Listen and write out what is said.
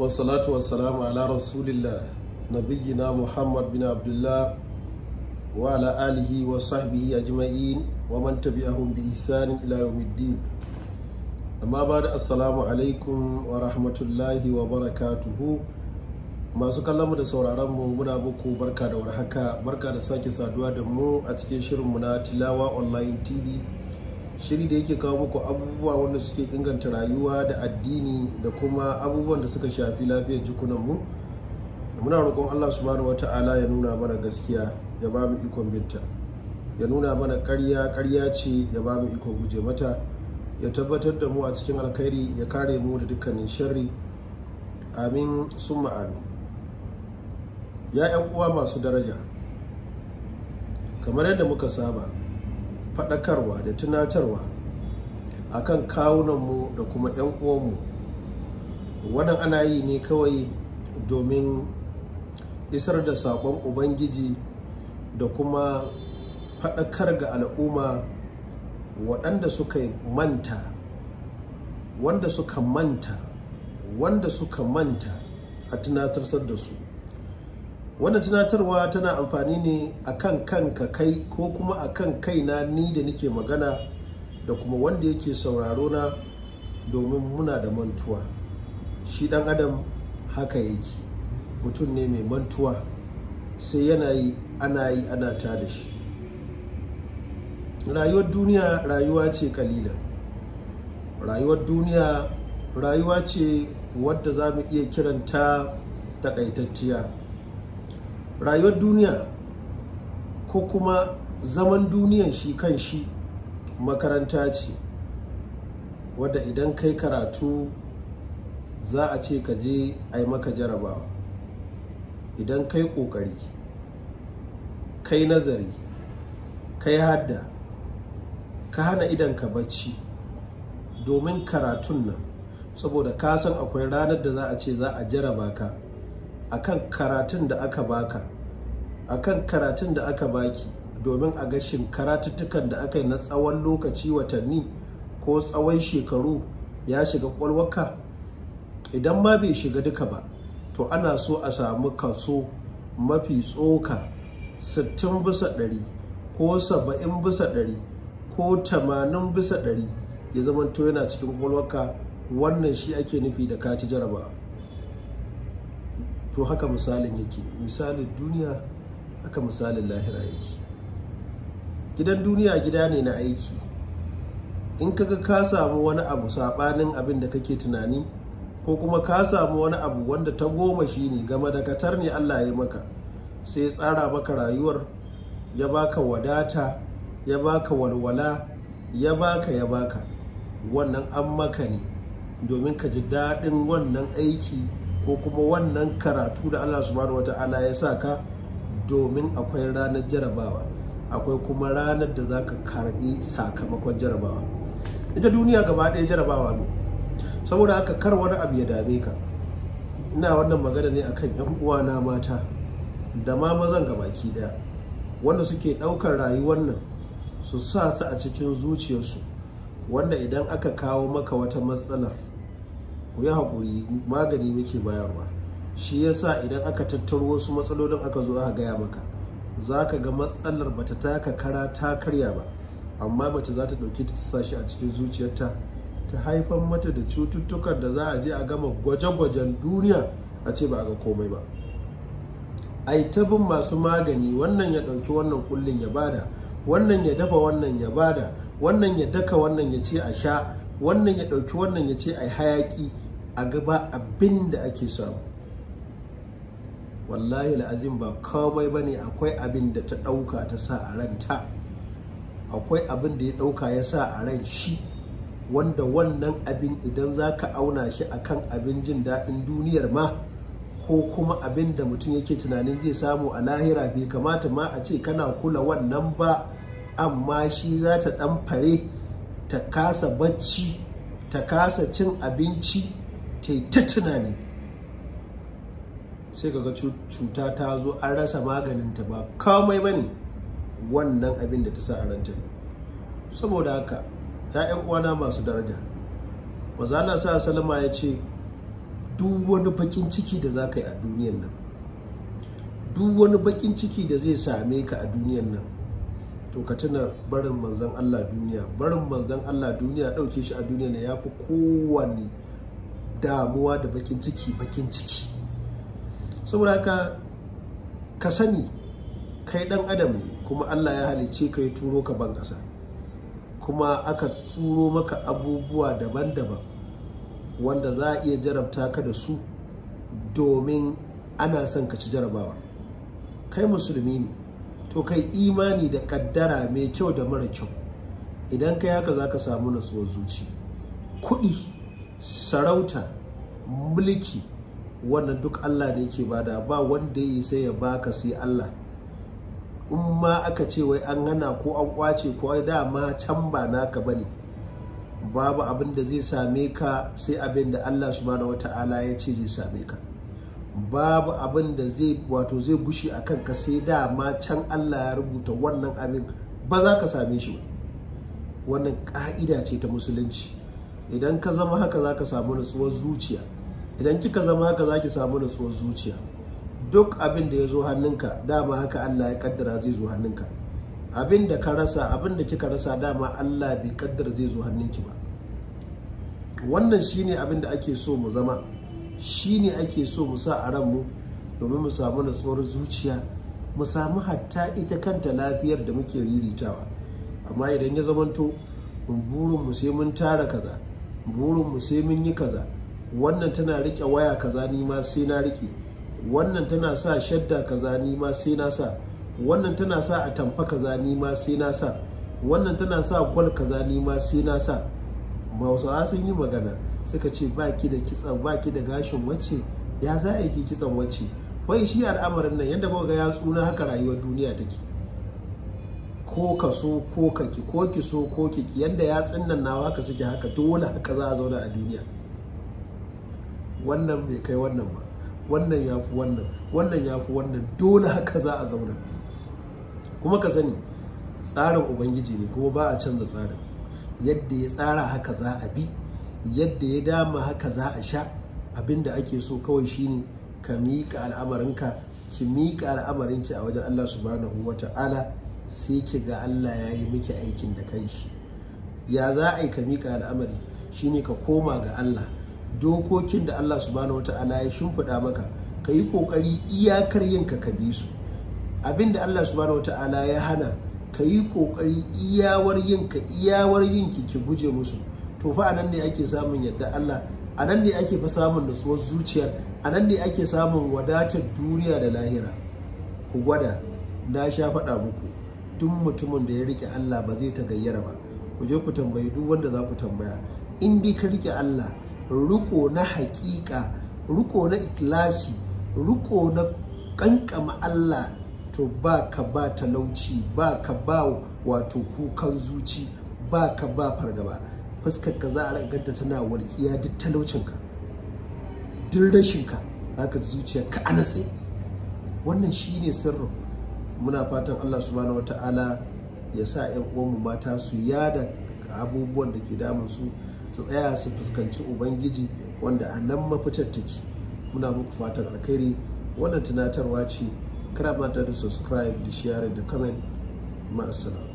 wasalatu wasalamu ala rasulillah nabiyina muhammad bin abdullah wa ala alihi wa sahbihi ajma'in wa man tabi'ahum bi ihsanin ila yawmiddin amma ba da assalamu alaikum wa rahmatullahi wa barakatuhu masu kallonmu da mu muna muku barka da warhaka barka da sake saduwa da mu a cikin shirinmu na tilawa online tv shiri da yake kawo muku abubuwa wanda suke inganta rayuwa da addini da kuma abubuwan da suka shafi lafiyar jikunanmu muna roƙon allah subhanahu wa ta'ala ya nuna mana gaskiya ya ba mu ikon binta ya nuna mana ƙarya ƙarya ce ya ba mu ikon guje mata ya tabbatar da mu a cikin alkhairi ya kare mu da dukkanin sharri amin summa amin ya 'yan uwa masu daraja kamar yadda muka saba faɗakarwa da tunatarwa a kan kawunanmu da kuma 'yan uwanmu wannan ana yi ne kawai domin isar da saƙon ubangiji da kuma faɗakar ga al'umma waɗanda suka manta wanda suka manta wanda suka manta a tunatarsar da su wannan tunatarwa tana amfani ne akan kanka kai ko kuma akan kaina ni da nike magana da kuma wanda yake sauraro na domin muna da mantuwa shi dan adam haka yake mutum ne mai mantuwa sai yana yi ana yi ana ta da shi rayuwar duniya rayuwa ce kalila rayuwar duniya rayuwa ce wadda za mu iya kiranta takaitacciya rayuwar duniya ko kuma zaman duniyan shi kan shi makaranta ce wadda idan kai karatu za a ce ka je a yi maka jarabawa idan kai ƙoƙari kai nazari kai hadda ka hana idan ka bacci domin karatun nan saboda kasan akwai ranar da za a ce za a jaraba ka akan karatun da aka baka akan karatun da aka baki domin a gashin karatuttukan da aka yi na tsawon lokaci watanni ko tsawon shekaru ya shiga kwalwaka idan ma bai shiga duka ba to ana so a samu kaso mafi tsoka 60 bisa 100 ko 70 bisa 100 ko 80 bisa 100 ya zama zamanto yana cikin kwalwaka wannan shi ake nufi da kaci jarabawa to haka misalin yake misalin duniya haka misalin lahira yake gidan duniya gida ne na aiki in kaga ka samu wani abu sabanin abin da kake tunani ko kuma ka samu wani abu wanda ta goma shi ne game da katar ne Allah ya maka sai tsara maka rayuwar ya baka wadata ya baka walwala ya baka ya baka wannan an maka ne domin ka ji daɗin wannan aiki ko kuma wannan karatu da Allah wata ala ya sa ka domin akwai ranar jarabawa akwai kuma ranar da za ka karbi sakamakon jarabawa ita duniya gaba ɗaya jarabawa ne saboda haka kar wani abu ya dame ka ina wannan magana ne akan yan uwana mata da ma mazan ki ɗaya wanda suke ɗaukar rayuwar nan su sa su a cikin zuciyarsu wanda idan aka kawo maka wata matsala. ku yi haƙuri magani muke bayarwa shi yasa idan aka tattaro wasu matsalolin aka zo a gaya maka za ka ga matsalar bata taka kara ta karya ba amma mace za ta ɗauki ta sa shi a cikin zuciyarta ta haifar mata da cututtukan da za a je a gama gwaje-gwajen duniya a ce ba a ga komai ba ai ta bin masu magani wannan ya ɗauki wannan kullin ya bada wannan ya dafa wannan ya bada wannan ya daka wannan ya ce a sha wannan ya ɗauki wannan ya ce a hayaki a gaba abin da ake samu wallahi la'azim ba kawai ba ne akwai abin da ta ɗauka ta sa a ranta akwai abin da ya ɗauka ya sa a ran shi wanda wannan abin idan za ka auna shi a kan abin jin daɗin duniyar ma ko kuma abin da mutum yake tunanin zai samu a lahira bai kamata ma a ce kana kula wannan ba amma shi za ta ɗan fare ta kasa bacci ta kasa cin abinci ta yi ta tunani sai kaga cuta ta zo an rasa maganinta ba kamai ba ne wannan abin da ta sa a ranta ne saboda haka ‘ya'yan uwana masu daraja na sa salama ya ce duk wani bakin ciki da za ka yi a duniyan nan duk wani bakin ciki da zai same ka a duniyan nan to ka tuna barin manzan Allah duniya barin manzan Allah duniya ɗauke shi a duniya ne ya fi kowane damuwa da bakin ciki bakin ciki saboda haka ka sani kai dan adam ne kuma Allah ya halicce ka ya turo ka ban ƙasa kuma aka turo maka abubuwa daban-daban wanda za a iya jarabta ka da su domin ana son ka ci jarabawa kai musulmi ne to kai imani da kaddara mai kyau da mara kyau idan kai haka za ka samu natsuwar zuci kuɗi sarauta mulki wannan duk Allah ne yake bada ba wanda ya sai ya baka sai Allah in ma aka ce wai an hana ko an kwace ko ai dama can ba naka bane babu abin da zai same ka sai abin da Allah subhanahu wata'ala ya ce zai same ka babu abin da zai wato zai bushe a kanka sai dama can Allah ya rubuta wannan abin ba za ka same shi ba wannan ka'ida ce ta musulunci idan ka zama haka za ka samu nutsuwar zuciya idan kika zama haka za ki samu nutsuwar zuciya duk abin da ya zo hannunka dama haka Allah ya kaddara zai zo hannunka abin da ka rasa abin da kika rasa dama Allah bai kaddara zai zo hannunki ba wannan shine abin da ake so mu zama shine ake so mu sa a ran mu domin mu samu nutsuwar zuciya mu samu hatta ita kanta lafiyar da muke riritawa amma idan ya zamanto mun burin mu sai mun tara kaza burin mu sai mun yi kaza wannan tana rike waya kaza ni ma sai na rike wannan tana sa shadda kaza ni ma sai na sa wannan tana sa atamfa kaza ni ma sai na sa wannan tana sa gwal kaza ni ma sai na sa hausawa sun yi magana suka ce baki da kitsan baki da gashin wacce ya za a yi kitsan wacce wai shi al'amarin nan yadda ga ya tsuna haka rayuwar duniya take ko ka so ko ka ki ko ki so ko ki ki yanda yatsun nan nawa ka suke haka dole haka za a zauna a duniya wannan bai kai wannan ba wannan ya fi wannan wannan ya fi wannan dole haka za a zauna kuma ka sani tsarin ubangiji ne kuma ba a canza tsarin yadda ya tsara haka za a bi yadda ya dama haka za a sha da ake so kawai shine ka miƙa al'amarinka ki miƙa al'amarinki a wajen Allah subhanahu wa ta'ala sai ki ga Allah ya yi miki aikin da kai shi. ya za a yi ka mika al'amari shine ka koma ga Allah dokokin da Allah subhanahu wata'ala ya shimfiɗa maka ka yi ƙoƙari iyakar yin ka ka bi su abin da Allah subhanahu wata'ala ya hana ka yi ƙoƙari iyawar yin ka iyawar yin ki ki guje musu to fa anan ne ake samun yadda Allah a nan ne ake fa samun nutsuwar zuciya a ne ake samun wadatar duniya da lahira ku gwada na sha faɗa muku duk mutumin da ya rike Allah ba zai ta gayyara ba ku je ku tambayi duk wanda za ku tambaya in dai ka rike Allah ruko na hakika riko na ikilasi ruko na kankama Allah to ba ka ba talauci ba ka ba wato kukan zuci ba ka ba fargaba fuskar ka za a raganta tana walƙiya duk talaucinka duk rashinka haka zuciya ka a natse wannan ne sirrin muna fatan Allah subhanahu wata'ala ya sa 'yan uwanmu mata su yada abubuwan da ke damun su su tsaya su fuskanci ubangiji wanda a nan mafitar take muna muku fatan alkhairi wannan tunatarwa ce kana mata da subscribe da share da comment ma'asalam.